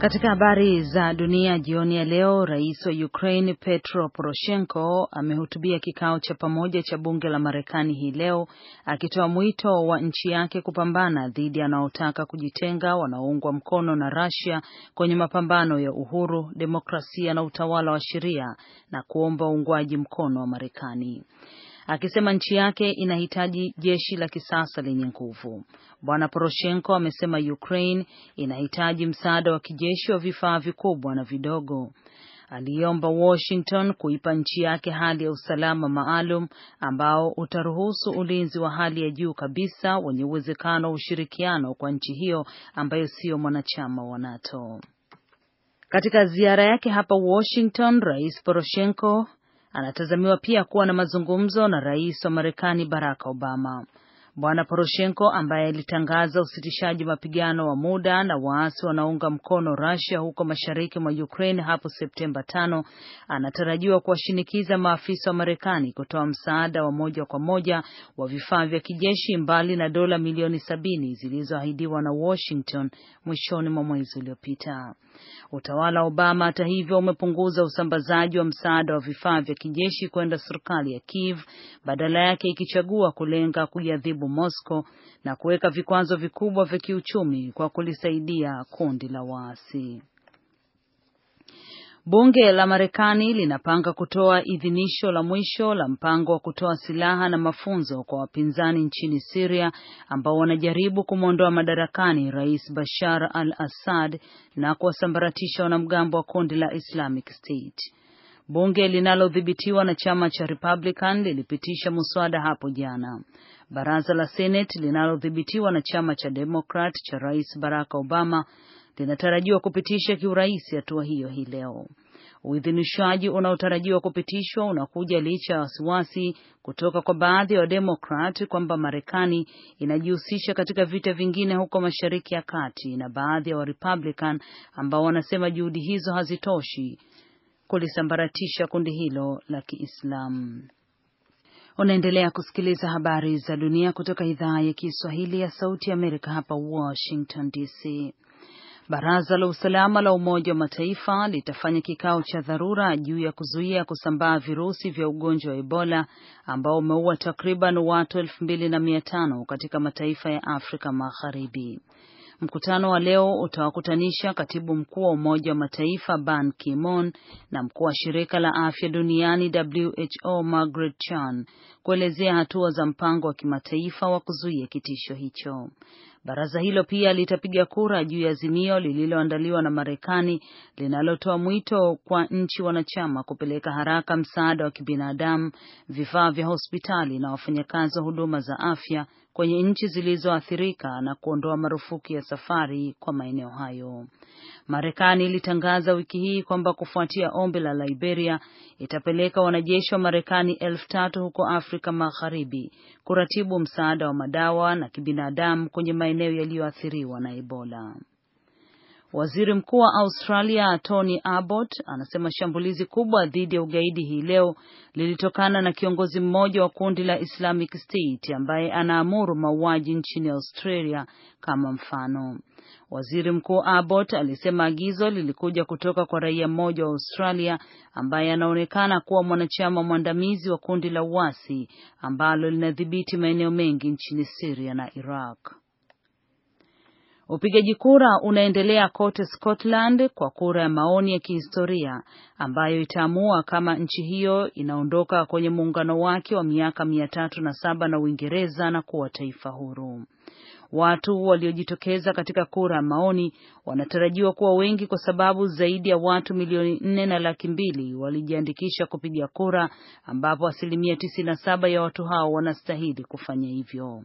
Katika habari za dunia jioni ya leo, rais wa Ukraine Petro Poroshenko amehutubia kikao cha pamoja cha bunge la Marekani hii leo akitoa mwito wa nchi yake kupambana dhidi ya wanaotaka kujitenga wanaoungwa mkono na Russia kwenye mapambano ya uhuru, demokrasia na utawala wa sheria na kuomba uungwaji mkono wa Marekani akisema nchi yake inahitaji jeshi la kisasa lenye nguvu. Bwana Poroshenko amesema Ukraine inahitaji msaada wa kijeshi wa vifaa vikubwa na vidogo. Aliomba Washington kuipa nchi yake hali ya usalama maalum ambao utaruhusu ulinzi wa hali ya juu kabisa wenye uwezekano wa ushirikiano kwa nchi hiyo ambayo siyo mwanachama wa NATO. Katika ziara yake hapa Washington, Rais Poroshenko anatazamiwa pia kuwa na mazungumzo na rais wa Marekani Barack Obama. Bwana Poroshenko ambaye alitangaza usitishaji wa mapigano wa muda na waasi wanaunga mkono Russia huko mashariki mwa Ukraine hapo Septemba tano anatarajiwa kuwashinikiza maafisa wa Marekani kutoa msaada wa moja kwa moja wa vifaa vya kijeshi mbali na dola milioni sabini zilizoahidiwa na Washington mwishoni mwa mwezi uliopita. Utawala wa Obama hata hivyo umepunguza usambazaji wa msaada wa vifaa vya kijeshi kwenda serikali ya Kiev, badala yake ikichagua kulenga kuiadhibu Moscow na kuweka vikwazo vikubwa vya kiuchumi kwa kulisaidia kundi la waasi. Bunge la Marekani linapanga kutoa idhinisho la mwisho la mpango wa kutoa silaha na mafunzo kwa wapinzani nchini Siria ambao wanajaribu kumwondoa madarakani Rais Bashar al-Assad na kuwasambaratisha wanamgambo wa kundi la Islamic State. Bunge linalodhibitiwa na chama cha Republican lilipitisha muswada hapo jana. Baraza la Senate linalodhibitiwa na chama cha Democrat cha Rais Barack Obama linatarajiwa kupitisha kiurahisi hatua hiyo hii leo. Uidhinishaji unaotarajiwa kupitishwa unakuja licha ya wasiwasi kutoka kwa baadhi ya wa Wademokrat kwamba Marekani inajihusisha katika vita vingine huko Mashariki ya Kati na baadhi ya wa Warepublican ambao wanasema juhudi hizo hazitoshi kulisambaratisha kundi hilo la Kiislamu. Unaendelea kusikiliza habari za dunia kutoka idhaa ya Kiswahili ya Sauti ya Amerika hapa Washington DC. Baraza la Usalama la Umoja wa Mataifa litafanya kikao cha dharura juu ya kuzuia kusambaa virusi vya ugonjwa wa Ebola ambao umeua takriban watu elfu mbili na mia tano katika mataifa ya Afrika Magharibi. Mkutano wa leo utawakutanisha katibu mkuu wa Umoja wa Mataifa Ban Ki-moon na mkuu wa shirika la afya duniani WHO Margaret Chan kuelezea hatua za mpango wa kimataifa wa kuzuia kitisho hicho. Baraza hilo pia litapiga kura juu ya azimio lililoandaliwa na Marekani linalotoa mwito kwa nchi wanachama kupeleka haraka msaada wa kibinadamu, vifaa vya hospitali na wafanyakazi wa huduma za afya kwenye nchi zilizoathirika na kuondoa marufuku ya safari kwa maeneo hayo. Marekani ilitangaza wiki hii kwamba kufuatia ombi la Liberia, itapeleka wanajeshi wa Marekani elfu tatu huko Afrika Magharibi kuratibu msaada wa madawa na kibinadamu kwenye maeneo yaliyoathiriwa na Ebola. Waziri Mkuu wa Australia Tony Abbott anasema shambulizi kubwa dhidi ya ugaidi hii leo lilitokana na kiongozi mmoja wa kundi la Islamic State ambaye anaamuru mauaji nchini Australia kama mfano. Waziri Mkuu Abbott alisema agizo lilikuja kutoka kwa raia mmoja wa Australia ambaye anaonekana kuwa mwanachama mwandamizi wa kundi la uasi ambalo linadhibiti maeneo mengi nchini Syria na Iraq. Upigaji kura unaendelea kote Scotland kwa kura ya maoni ya kihistoria ambayo itaamua kama nchi hiyo inaondoka kwenye muungano wake wa miaka mia tatu na saba na Uingereza na kuwa taifa huru. Watu waliojitokeza katika kura ya maoni wanatarajiwa kuwa wengi kwa sababu zaidi ya watu milioni nne na laki mbili walijiandikisha kupiga kura, ambapo asilimia saba ya watu hao wanastahili kufanya hivyo.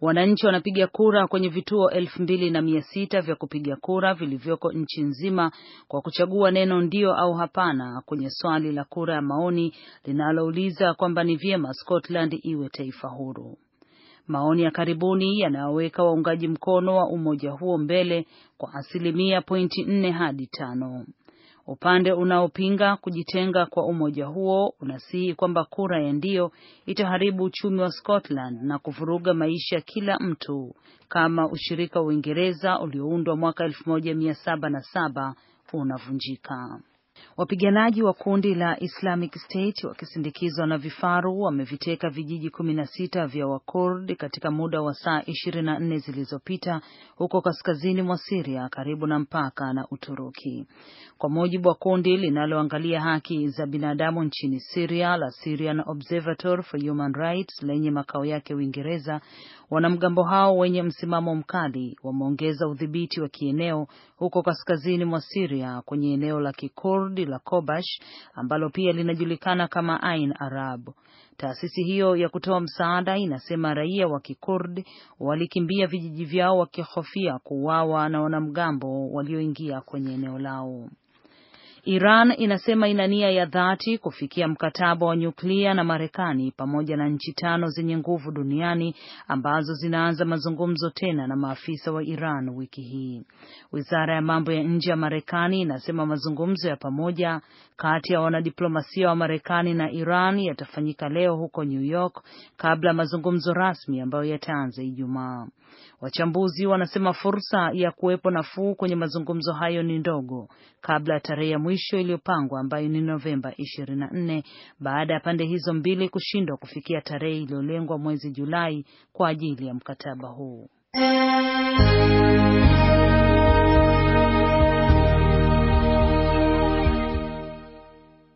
Wananchi wanapiga kura kwenye vituo elfu mbili na mia sita vya kupiga kura vilivyoko nchi nzima kwa kuchagua neno ndio au hapana kwenye swali la kura ya maoni linalouliza kwamba ni vyema Scotland iwe taifa huru. Maoni ya karibuni yanayoweka waungaji mkono wa umoja huo mbele kwa asilimia pointi nne hadi tano. Upande unaopinga kujitenga kwa umoja huo unasihi kwamba kura ya ndio itaharibu uchumi wa Scotland na kuvuruga maisha ya kila mtu kama ushirika wa Uingereza ulioundwa mwaka 1707 unavunjika. Wapiganaji wa kundi la Islamic State wakisindikizwa na vifaru wameviteka vijiji sita vya Wakurd katika muda wa saa 24 zilizopita huko kaskazini mwa Siria karibu na mpaka na Uturuki. Kwa mujibu wa kundi linaloangalia haki za binadamu nchini Siria la Syrian Observatory for Human Rights lenye makao yake Uingereza, wanamgambo hao wenye msimamo mkali wameongeza udhibiti wa kieneo huko kaskazini mwa Siria kwenye eneo la Kikurd Kurdi la Kobash ambalo pia linajulikana kama Ain Arab. Taasisi hiyo ya kutoa msaada inasema raia wa Kikurdi walikimbia vijiji vyao wakihofia kuuawa na wanamgambo walioingia kwenye eneo lao. Iran inasema ina nia ya dhati kufikia mkataba wa nyuklia na Marekani pamoja na nchi tano zenye nguvu duniani ambazo zinaanza mazungumzo tena na maafisa wa Iran wiki hii. Wizara ya mambo ya nje ya Marekani inasema mazungumzo ya pamoja kati ya wanadiplomasia wa Marekani na Iran yatafanyika leo huko New York kabla ya mazungumzo rasmi ambayo yataanza Ijumaa. Wachambuzi wanasema fursa ya kuwepo nafuu kwenye mazungumzo hayo ni ndogo kabla ya tarehe ya mwisho mwisho iliyopangwa ambayo ni Novemba 24 baada ya pande hizo mbili kushindwa kufikia tarehe iliyolengwa mwezi Julai kwa ajili ya mkataba huu.